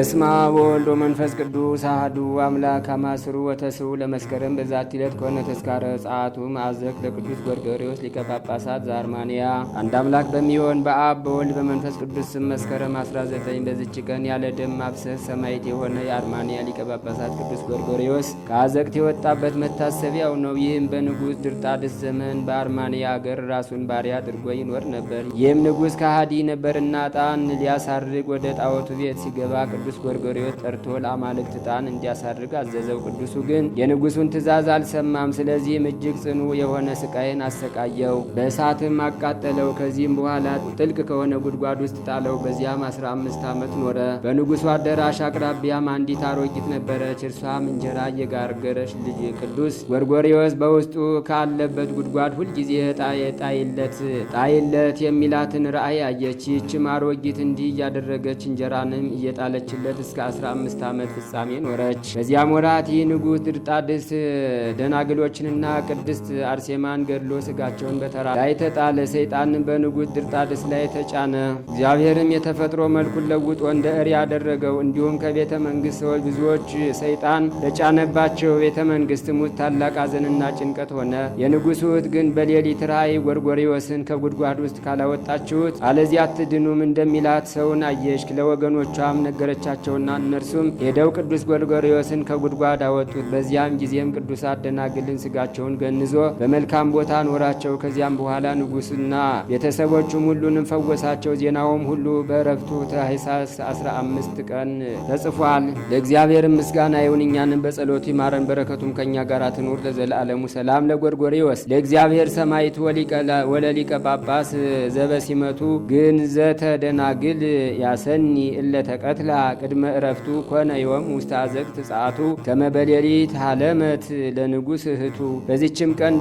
በስማ ወልድ መንፈስ ቅዱስ አህዱ አምላክ አማስሩ ወተስሩ ለመስከረም በዛቲ ዕለት ከሆነ ተስካረ ጸአቱ ማዕዘቅ ለቅዱስ ጎርጎሪዎስ ሊቀ ጳጳሳት አንድ አምላክ በሚሆን በአብ በወልድ በመንፈስ ቅዱስ ስም መስከረም 19 በዚች ቀን ያለ ደም ማብሰስ ሰማዕት የሆነ የአርማንያ ሊቀ ጳጳሳት ቅዱስ ጎርጎሪዎስ ከአዘቅት የወጣበት መታሰቢያው ነው። ይህም በንጉሥ ድርጣድስ ዘመን በአርማንያ አገር ራሱን ባሪያ አድርጎ ይኖር ነበር። ይህም ንጉሥ ከሃዲ ነበርና ዕጣን ሊያሳርግ ወደ ጣዖቱ ቤት ሲገባ ቅዱስ ቅዱስ ጎርጎርዮስ ጠርቶ ለአማልክት ዕጣን እንዲያሳርግ አዘዘው። ቅዱሱ ግን የንጉሱን ትእዛዝ አልሰማም። ስለዚህም እጅግ ጽኑ የሆነ ስቃይን አሰቃየው፣ በእሳትም አቃጠለው። ከዚህም በኋላ ጥልቅ ከሆነ ጉድጓድ ውስጥ ጣለው። በዚያም 15 ዓመት ኖረ። በንጉሱ አዳራሽ አቅራቢያም አንዲት አሮጊት ነበረች። እርሷም እንጀራ እየጋገረች ልጅ ቅዱስ ጎርጎሪዎስ በውስጡ ካለበት ጉድጓድ ሁልጊዜ ጣይለት ጣይለት የሚላትን ራእይ አየች። ይህችም አሮጊት እንዲህ እያደረገች እንጀራንም እየጣለች በተወለደችለት እስከ 15 ዓመት ፍጻሜ ኖረች። በዚያም ወራት ይህ ንጉሥ ድርጣድስ ደናግሎችንና ቅድስት አርሴማን ገድሎ ስጋቸውን በተራ ላይ ተጣለ። ሰይጣን በንጉሥ ድርጣድስ ላይ ተጫነ። እግዚአብሔርም የተፈጥሮ መልኩን ለውጦ እንደ እሪ ያደረገው እንዲሁም ከቤተ መንግሥት ሰዎች ብዙዎች ሰይጣን ተጫነባቸው። ቤተ መንግሥት ሙት ታላቅ አዘንና ጭንቀት ሆነ። የንጉሡ እህት ግን በሌሊት ራእይ ጎርጎሪዎስን ከጉድጓድ ውስጥ ካላወጣችሁት አለዚያ አትድኑም እንደሚላት ሰውን አየች። ለወገኖቿም ነገረች አዘዘቻቸውና እነርሱም ሄደው ቅዱስ ጎርጎርዮስን ከጉድጓድ አወጡት። በዚያም ጊዜም ቅዱሳት ደናግልን ስጋቸውን ገንዞ በመልካም ቦታ ኖራቸው። ከዚያም በኋላ ንጉሥና ቤተሰቦቹም ሁሉንም ፈወሳቸው። ዜናውም ሁሉ በእረፍቱ ታኅሳስ 15 ቀን ተጽፏል። ለእግዚአብሔር ምስጋና ይሁን፣ እኛንም በጸሎቱ ይማረን፣ በረከቱም ከእኛ ጋር ትኑር ለዘላለሙ። ሰላም ለጎርጎሪዎስ ለእግዚአብሔር ሰማይቱ ወለሊቀ ጳጳስ ዘበሲመቱ ግን ዘተደናግል ያሰኒ እለተቀትላ ቅድመ እረፍቱ ኮነ ዮም ውስተ አዘቅት ጻቱ ከመበሌሊት በሌሊት ሀለመት እህቱ። በዚችም ቀን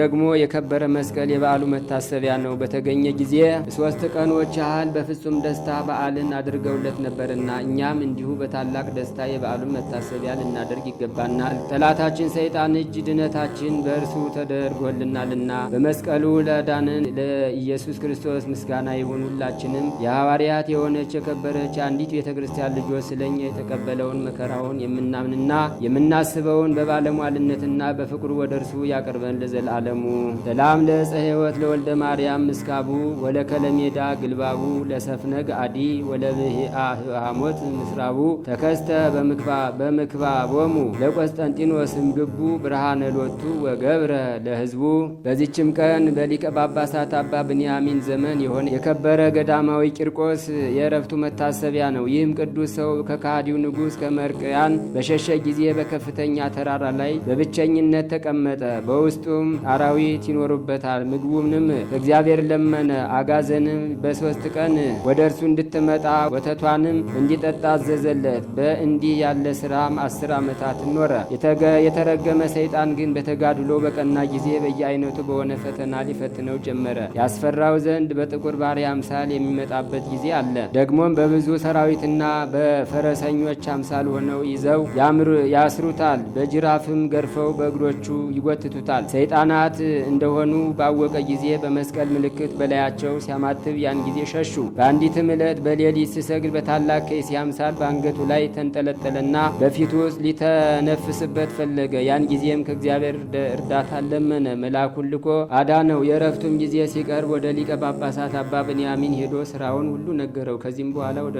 ደግሞ የከበረ መስቀል የበዓሉ መታሰቢያ ነው። በተገኘ ጊዜ ሶስት ቀኖች ያህል በፍጹም ደስታ በዓልን አድርገውለት ነበርና እኛም እንዲሁ በታላቅ ደስታ የበዓሉን መታሰቢያ ልናደርግ ይገባናል። ጠላታችን ሰይጣን እጅ ድነታችን በእርሱ ተደርጎልናልና በመስቀሉ ለዳንን ለኢየሱስ ክርስቶስ ምስጋና ይሁን። ሁላችንም የሐዋርያት የሆነች የከበረች አንዲት ቤተ ክርስቲያን የእግዚአብሔር ልጆች ስለ እኛ የተቀበለውን መከራውን የምናምንና የምናስበውን በባለሟልነትና በፍቅሩ ወደ እርሱ ያቅርበን ለዘላለሙ። ሰላም ለእፀ ሕይወት ለወልደ ማርያም ምስካቡ ወለከለሜዳ ግልባቡ ለሰፍነግ አዲ ወለብህአ ሐሞት ምስራቡ ተከስተ ቦሙ ለቆስጠንጢኖስም ግቡ ብርሃነ ሎቱ ወገብረ ለሕዝቡ። በዚችም ቀን በሊቀ ጳጳሳት አባ ብንያሚን ዘመን የሆነ የከበረ ገዳማዊ ቂርቆስ የእረፍቱ መታሰቢያ ነው። ይህም ቅዱስ ቅዱስ ሰው ከካዲው ንጉሥ ከመርቅያን በሸሸ ጊዜ በከፍተኛ ተራራ ላይ በብቸኝነት ተቀመጠ። በውስጡም አራዊት ይኖሩበታል። ምግቡንም እግዚአብሔር ለመነ። አጋዘንም በሦስት ቀን ወደ እርሱ እንድትመጣ ወተቷንም እንዲጠጣ አዘዘለት። በእንዲህ ያለ ስራም አስር ዓመታት ኖረ። የተረገመ ሰይጣን ግን በተጋድሎ በቀና ጊዜ በየአይነቱ በሆነ ፈተና ሊፈትነው ጀመረ። ያስፈራው ዘንድ በጥቁር ባሪያ አምሳል የሚመጣበት ጊዜ አለ። ደግሞም በብዙ ሰራዊትና በፈረሰኞች አምሳል ሆነው ይዘው ያስሩታል። በጅራፍም ገርፈው በእግሮቹ ይጎትቱታል። ሰይጣናት እንደሆኑ ባወቀ ጊዜ በመስቀል ምልክት በላያቸው ሲያማትብ ያን ጊዜ ሸሹ። በአንዲትም ዕለት በሌሊት ሲሰግድ በታላቅ ከይሲ አምሳል በአንገቱ ላይ ተንጠለጠለና በፊቱ ውስጥ ሊተነፍስበት ፈለገ። ያን ጊዜም ከእግዚአብሔር እርዳታ ለመነ። መልአኩን ልኮ አዳነው። የእረፍቱም ጊዜ ሲቀርብ ወደ ሊቀ ጳጳሳት አባ ብንያሚን ሄዶ ስራውን ሁሉ ነገረው። ከዚህም በኋላ ወደ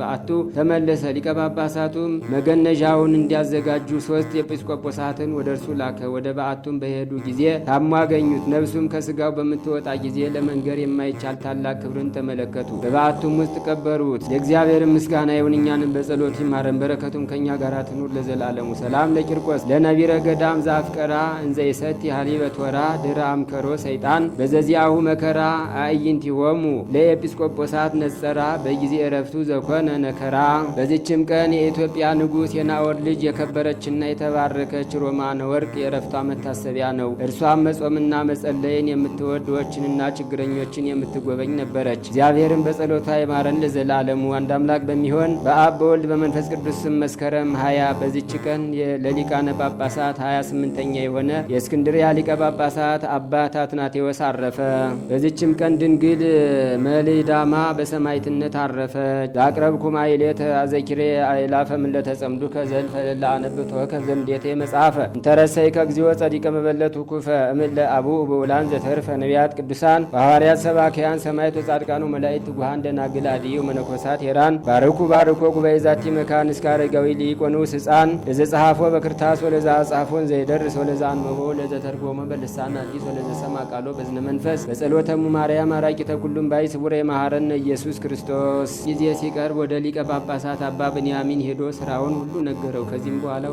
በዓቱ ተመለሰ። ሊቀ ጳጳሳቱም መገነዣውን እንዲያዘጋጁ ሶስት ኤጲስቆጶሳትን ወደ እርሱ ላከ። ወደ በዓቱም በሄዱ ጊዜ ታሟገኙት። ነብሱም ነፍሱም ከስጋው በምትወጣ ጊዜ ለመንገር የማይቻል ታላቅ ክብርን ተመለከቱ። በበዓቱም ውስጥ ቀበሩት። ለእግዚአብሔር ምስጋና ይሁን፣ እኛንም በጸሎት ይማረን፣ በረከቱም ከእኛ ጋር ትኑር ለዘላለሙ። ሰላም ለቂርቆስ ለነቢረ ገዳም ዛፍቀራ እንዘይሰት ይሰቲ ሀሊበ ድረ አምከሮ ሰይጣን በዘዚያሁ መከራ አእይንቲሆሙ ለኤጲስቆጶሳት ነጸራ በጊዜ እረፍቱ ዘኮነ ነከ ተራ። በዚችም ቀን የኢትዮጵያ ንጉሥ የናወር ልጅ የከበረችና የተባረከች ሮማነ ወርቅ የእረፍቷ መታሰቢያ ነው። እርሷም መጾምና መጸለይን የምትወድዎችንና ችግረኞችን የምትጎበኝ ነበረች። እግዚአብሔርን በጸሎቷ የማረን ለዘላለሙ። አንድ አምላክ በሚሆን በአብ በወልድ በመንፈስ ቅዱስም መስከረም ሀያ በዚች ቀን ለሊቃነ ጳጳሳት ሀያ ስምንተኛ የሆነ የእስክንድሪያ ሊቀ ጳጳሳት አባት አትናቴዎስ አረፈ። በዚችም ቀን ድንግል መልዳማ በሰማይትነት አረፈች። በአቅረብ ኩማይ ሌተ አዘኪሬ አይላፈ ምለተጸምዱ ከዘልፈ ለአነብቶ ከዘምዴቴ መጽሐፈ እንተረሰይ ከግዚኦ ጸዲቀ መበለቱ ኩፈ እምለ አቡ በውላን ዘተርፈ ነቢያት ቅዱሳን ሐዋርያት ሰባኪያን ሰማይቶ ጻድቃኑ መላእክት ጉሃን ደናግል አድዩ መነኮሳት ሄራን ባርኩ ባርኮ ጉባኤ ዛቲ መካን እስከ አረጋዊ ሊቆኑስ ህፃን ለዘጸሐፎ በክርታስ ወለዛ ጻፎን ዘይደርስ ወለዛ አንበቦ ለዘተርጎመ በልሳን አዲስ ወለዘሰማ ቃሎ በዝነ መንፈስ በጸሎተሙ ማርያም አራቂ ተኩሉም ባይ ስቡረ የማሐረነ ኢየሱስ ክርስቶስ ጊዜ ሲቀርብ ወደ ሊቀ ጳጳሳት አባ ብንያሚን ሄዶ ስራውን ሁሉ ነገረው። ከዚህም በኋላ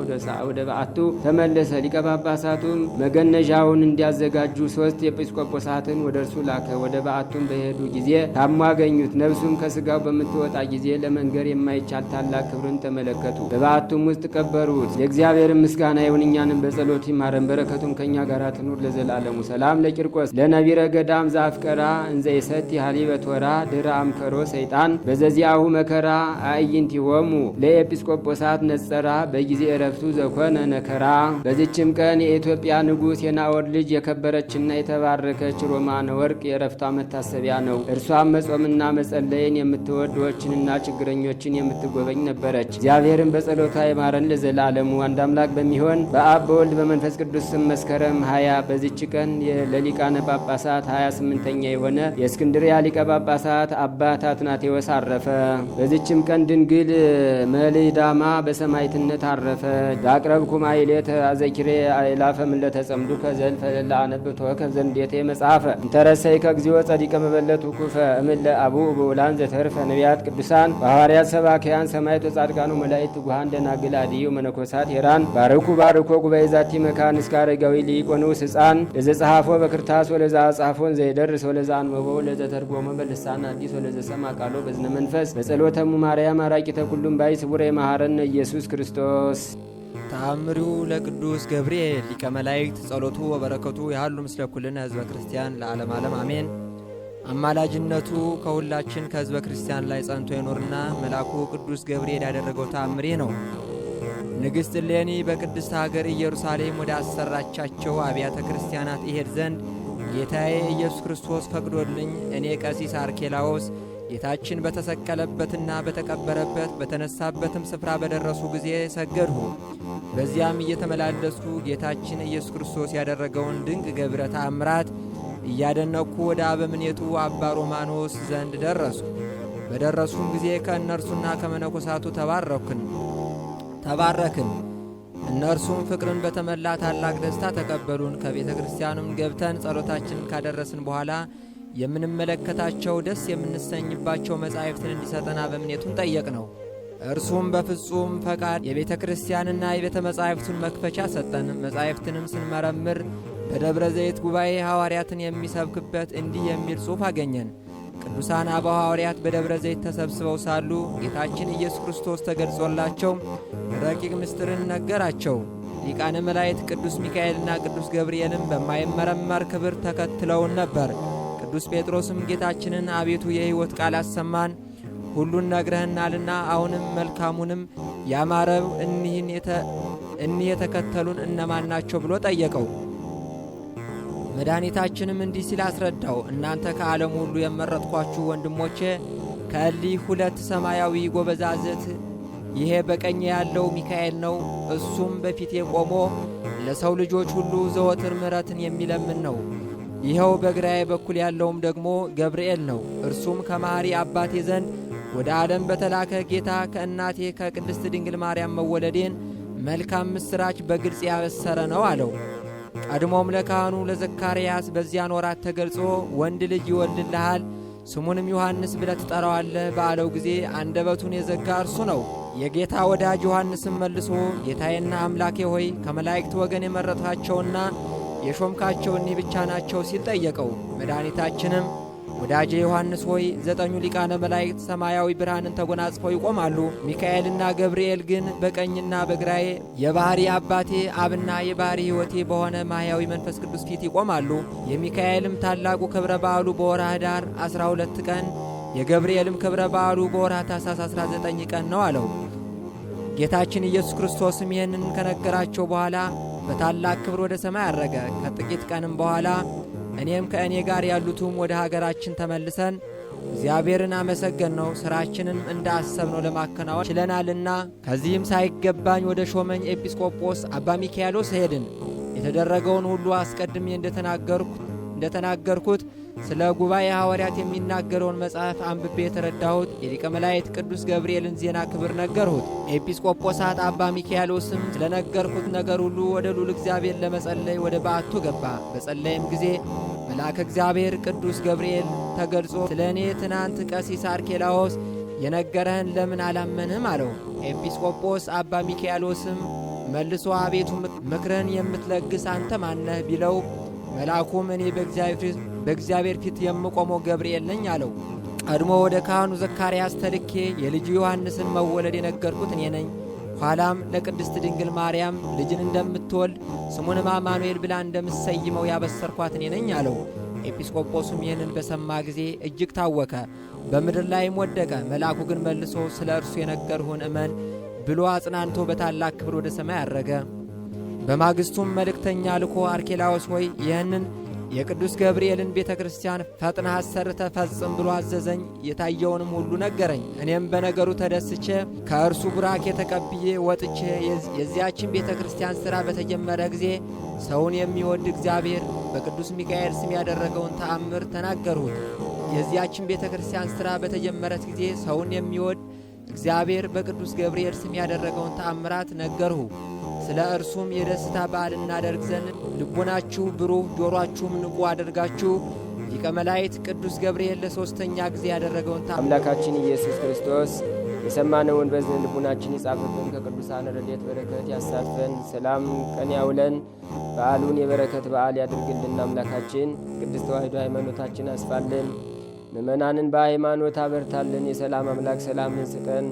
ወደ በዓቱ ተመለሰ። ሊቀ ጳጳሳቱም መገነዣውን እንዲያዘጋጁ ሶስት ኤጲስቆጶሳትን ወደ እርሱ ላከ። ወደ በዓቱም በሄዱ ጊዜ ታሟገኙት። ነብሱም ነፍሱም ከስጋው በምትወጣ ጊዜ ለመንገር የማይቻል ታላቅ ክብርን ተመለከቱ። በበዓቱም ውስጥ ቀበሩት። ለእግዚአብሔር ምስጋና ይሁን፣ እኛንም በጸሎት ይማረን፣ በረከቱም ከእኛ ጋር ትኑር ለዘላለሙ። ሰላም ለቂርቆስ ለነቢረ ገዳም ዘአፍቀራ እንዘይሰት ይሰቲ ሀሊበ ቶራ ድረ አምከሮ ሰይጣን በዘዚያሁ መከራ አዕይንቲሆሙ ለኤጲስቆጶሳት ነጸራ በጊዜ እረፍቱ ዘኮነ ነከራ። በዚችም ቀን የኢትዮጵያ ንጉሥ የናወድ ልጅ የከበረችና የተባረከች ሮማነ ወርቅ የእረፍቷ መታሰቢያ ነው። እርሷም መጾምና መጸለይን የምትወድ ችግረኞችን የምትጎበኝ ነበረች። እግዚአብሔርን በጸሎቷ ይማረን ለዘላለሙ። አንድ አምላክ በሚሆን በአብ በወልድ በመንፈስ ቅዱስ ስም መስከረም ሀያ በዚች ቀን ለሊቃነ ጳጳሳት ሀያ ስምንተኛ የሆነ የእስክንድሪያ ሊቀ ጳጳሳት አባት አትናቴዎስ አረፈ። በዚችም ቀን ድንግል መልዳማ በሰማይትነት አረፈ። ዳቅረብኩማ ይሌተ አዘኪሬ አይላፈ ምለተ ጸምዱ ከዘልፈ ለአነብቶ ከዘንዴቴ መጽሐፈ እንተረሰይ ከእግዚኦ ጸዲቀ መበለቱ ኩፈ እምለ አቡ በውላን ዘተርፈ ነቢያት ቅዱሳን በሐዋርያት ሰባኪያን ሰማይቶ ጻድቃኑ መላይት ጉሃን ደናግል አድዩ መነኮሳት ሄራን ባርኩ ባርኮ ጉባኤ ዛቲ መካን እስከ አረጋዊ ሊቆኑስ ሕፃን ለዘጸሐፎ በክርታስ ወለዛ ጻፎን ዘይደርስ ወለዛ አንበቦ ለዘተርጎመ በልሳን አዲስ ወለዘሰማ ቃሎ በዝነ መንፈስ በጸሎተ ሙማ ማርያም አራቂ ተኩሉም ባይ ስቡረ መሐረነ ኢየሱስ ክርስቶስ ተአምሪው ለቅዱስ ገብርኤል ሊቀ መላእክት ጸሎቱ ወበረከቱ ያህሉ ምስለ ኩልነ ህዝበ ክርስቲያን ለዓለም ዓለም አሜን። አማላጅነቱ ከሁላችን ከህዝበ ክርስቲያን ላይ ጸንቶ ይኖርና መልአኩ ቅዱስ ገብርኤል ያደረገው ታምሪ ነው። ንግሥት ሌኒ በቅድስት አገር ኢየሩሳሌም ወደ አሰራቻቸው አብያተ ክርስቲያናት ይሄድ ዘንድ ጌታዬ ኢየሱስ ክርስቶስ ፈቅዶልኝ እኔ ቀሲስ አርኬላዎስ ጌታችን በተሰቀለበትና በተቀበረበት በተነሳበትም ስፍራ በደረሱ ጊዜ ሰገድሁ። በዚያም እየተመላለስኩ ጌታችን ኢየሱስ ክርስቶስ ያደረገውን ድንቅ ገብረ ተአምራት እያደነቅኩ ወደ አበምኔቱ አባ ሮማኖስ ዘንድ ደረሱ። በደረሱም ጊዜ ከእነርሱና ከመነኮሳቱ ተባረክን ተባረክን። እነርሱም ፍቅርን በተመላ ታላቅ ደስታ ተቀበሉን። ከቤተ ክርስቲያኑም ገብተን ጸሎታችንን ካደረስን በኋላ የምንመለከታቸው ደስ የምንሰኝባቸው መጻሕፍትን እንዲሰጠን አበምኔቱን ጠየቅ ነው። እርሱም በፍጹም ፈቃድ የቤተ ክርስቲያንና የቤተ መጻሕፍቱን መክፈቻ ሰጠን። መጻሕፍትንም ስንመረምር በደብረ ዘይት ጉባኤ ሐዋርያትን የሚሰብክበት እንዲህ የሚል ጽሑፍ አገኘን። ቅዱሳን አበው ሐዋርያት በደብረ ዘይት ተሰብስበው ሳሉ ጌታችን ኢየሱስ ክርስቶስ ተገልጾላቸው ረቂቅ ምስጢርን ነገራቸው። ሊቃነ መላእክት ቅዱስ ሚካኤልና ቅዱስ ገብርኤልን በማይመረመር ክብር ተከትለውን ነበር። ቅዱስ ጴጥሮስም ጌታችንን አቤቱ የሕይወት ቃል አሰማን፣ ሁሉን ነግረህናልና አሁንም መልካሙንም ያማረው እኒህ የተከተሉን እነማን ናቸው ብሎ ጠየቀው። መድኃኒታችንም እንዲህ ሲል አስረዳው። እናንተ ከዓለም ሁሉ የመረጥኳችሁ ወንድሞቼ ከሊህ ሁለት ሰማያዊ ጎበዛዝት ይሄ በቀኝ ያለው ሚካኤል ነው። እሱም በፊቴ ቆሞ ለሰው ልጆች ሁሉ ዘወትር ምሕረትን የሚለምን ነው። ይኸው በግራዬ በኩል ያለውም ደግሞ ገብርኤል ነው። እርሱም ከማሪ አባቴ ዘንድ ወደ ዓለም በተላከ ጌታ ከእናቴ ከቅድስት ድንግል ማርያም መወለዴን መልካም ምስራች በግልጽ ያበሰረ ነው አለው። ቀድሞም ለካህኑ ለዘካርያስ በዚያን ወራት ተገልጾ ወንድ ልጅ ይወልድልሃል፣ ስሙንም ዮሐንስ ብለ ትጠራዋለህ ባለው ጊዜ አንደበቱን የዘጋ እርሱ ነው። የጌታ ወዳጅ ዮሐንስም መልሶ ጌታዬና አምላኬ ሆይ ከመላእክት ወገን የመረጥኋቸውና የሾምካቸው እኒህ ብቻ ናቸው ሲል ጠየቀው። መድኃኒታችንም ወዳጄ ዮሐንስ ሆይ ዘጠኙ ሊቃነ መላእክት ሰማያዊ ብርሃንን ተጎናጽፈው ይቆማሉ። ሚካኤልና ገብርኤል ግን በቀኝና በግራዬ የባህሪ አባቴ አብና የባሕሪ ሕይወቴ በሆነ ማህያዊ መንፈስ ቅዱስ ፊት ይቆማሉ። የሚካኤልም ታላቁ ክብረ በዓሉ በወርሃ ኅዳር 12 ቀን፣ የገብርኤልም ክብረ በዓሉ በወርሃ ታኅሳስ 19 ቀን ነው አለው። ጌታችን ኢየሱስ ክርስቶስም ይህንን ከነገራቸው በኋላ በታላቅ ክብር ወደ ሰማይ አረገ። ከጥቂት ቀንም በኋላ እኔም ከእኔ ጋር ያሉትም ወደ ሀገራችን ተመልሰን እግዚአብሔርን አመሰገን ነው ሥራችንም እንዳሰብነው ለማከናወን ችለናልና። ከዚህም ሳይገባኝ ወደ ሾመኝ ኤጲስቆጶስ አባ ሚካኤሎስ ሄድን። የተደረገውን ሁሉ አስቀድሜ እንደተናገርኩ እንደተናገርኩት ስለ ጉባኤ ሐዋርያት የሚናገረውን መጽሐፍ አንብቤ የተረዳሁት የሊቀ መላእክት ቅዱስ ገብርኤልን ዜና ክብር ነገርሁት። ኤጲስቆጶሳት አባ ሚካኤሎስም ስለነገርኩት ነገር ሁሉ ወደ ሉል እግዚአብሔር ለመጸለይ ወደ በዓቱ ገባ። በጸለይም ጊዜ መልአክ እግዚአብሔር ቅዱስ ገብርኤል ተገልጾ ስለ እኔ ትናንት ቀሲስ አርኬላዎስ የነገረህን ለምን አላመንህም? አለው። ኤጲስቆጶስ አባ ሚካኤሎስም መልሶ አቤቱ ምክርን የምትለግስ አንተ ማነህ? ቢለው መልአኩም እኔ በእግዚአብሔር ፊት የምቆመው ገብርኤል ነኝ አለው። ቀድሞ ወደ ካህኑ ዘካርያስ ተልኬ የልጁ ዮሐንስን መወለድ የነገርኩት እኔ ነኝ። ኋላም ለቅድስት ድንግል ማርያም ልጅን እንደምትወልድ ስሙንም አማኑኤል ብላ እንደምትሰይመው ያበሰርኳት እኔ ነኝ አለው። ኤጲስቆጶሱም ይህንን በሰማ ጊዜ እጅግ ታወከ፣ በምድር ላይም ወደቀ። መልአኩ ግን መልሶ ስለ እርሱ የነገርሁን እመን ብሎ አጽናንቶ በታላቅ ክብር ወደ ሰማይ አረገ። በማግስቱም መልእክተኛ ልኮ አርኬላዎስ ሆይ ይህንን የቅዱስ ገብርኤልን ቤተ ክርስቲያን ፈጥነህ አሰርተ ፈጽም ብሎ አዘዘኝ። የታየውንም ሁሉ ነገረኝ። እኔም በነገሩ ተደስቼ ከእርሱ ቡራኬ ተቀብዬ ወጥቼ የዚያችን ቤተ ክርስቲያን ሥራ በተጀመረ ጊዜ ሰውን የሚወድ እግዚአብሔር በቅዱስ ሚካኤል ስም ያደረገውን ተአምር ተናገርሁት። የዚያችን ቤተ ክርስቲያን ሥራ በተጀመረት ጊዜ ሰውን የሚወድ እግዚአብሔር በቅዱስ ገብርኤል ስም ያደረገውን ተአምራት ነገርሁ። ስለ እርሱም የደስታ በዓል እናደርግ ዘንድ ልቦናችሁ ብሩህ፣ ጆሮአችሁም ንቁ አድርጋችሁ ሊቀ መላእክት ቅዱስ ገብርኤል ለሶስተኛ ጊዜ ያደረገውን አምላካችን ኢየሱስ ክርስቶስ የሰማነውን በዝን ልቡናችን ይጻፍብን፣ ከቅዱሳን ረድኤት በረከት ያሳትፈን፣ ሰላም ቀን ያውለን፣ በዓሉን የበረከት በዓል ያድርግልን። አምላካችን ቅድስት ተዋሕዶ ሃይማኖታችን አስፋልን፣ ምእመናንን በሃይማኖት አበርታልን። የሰላም አምላክ ሰላምን ስጠን።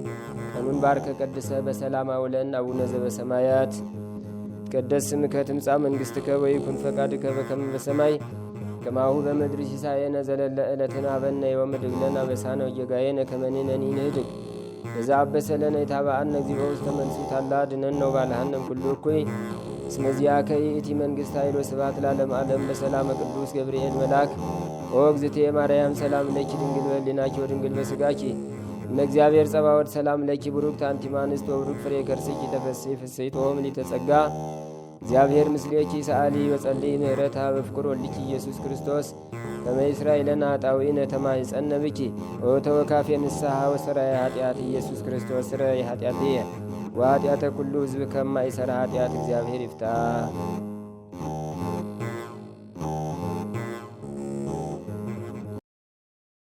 ቀኑን ባርከ ቀድሰ በሰላም አውለን። አቡነ ዘበሰማያት ይትቀደስ ስምከ ትምጻእ መንግሥትከ ወይኩን ፈቃድከ በከመ በሰማይ ከማሁ በምድር ሲሳየነ ዘለለ ዕለትነ ሀበነ ዮም ወኅድግ ለነ አበሳነ ወጌጋየነ ከመ ንሕነኒ ንኅድግ ለዘአበሰ ለነ ኢታብአነ እግዚኦ ውስተ መንሱት አድኅነነ ወባልሐነ እምኩሉ እኩይ እስመ ዚአከ ይእቲ መንግሥት ኃይል ወስብሐት ለዓለመ ዓለም። በሰላመ ቅዱስ ገብርኤል መልአክ ኦ እግዝእትየ ማርያም ሰላም ለኪ ድንግል በሕሊናኪ ወድንግል በሥጋኪ ለእግዚአብሔር ጸባወድ ሰላም ለኪ ብሩክ ታንቲማንስት ወብሩክ ፍሬ ከርስኪ ተፈሥሒ ፍሥሕት ሆም ሊተጸጋ እግዚአብሔር ምስሌኪ ሰዓሊ በጸልይ ምህረታ በፍቅር ወልኪ ኢየሱስ ክርስቶስ ከመእስራኤልን አጣዊ ነተማ ይጸነብኪ ወተወካፌ ንስሐ ወሰራ የኃጢአት ኢየሱስ ክርስቶስ ስረ የኃጢአት ወኃጢአተ ኩሉ ሕዝብ ከማይሰራ ኃጢአት እግዚአብሔር ይፍታ።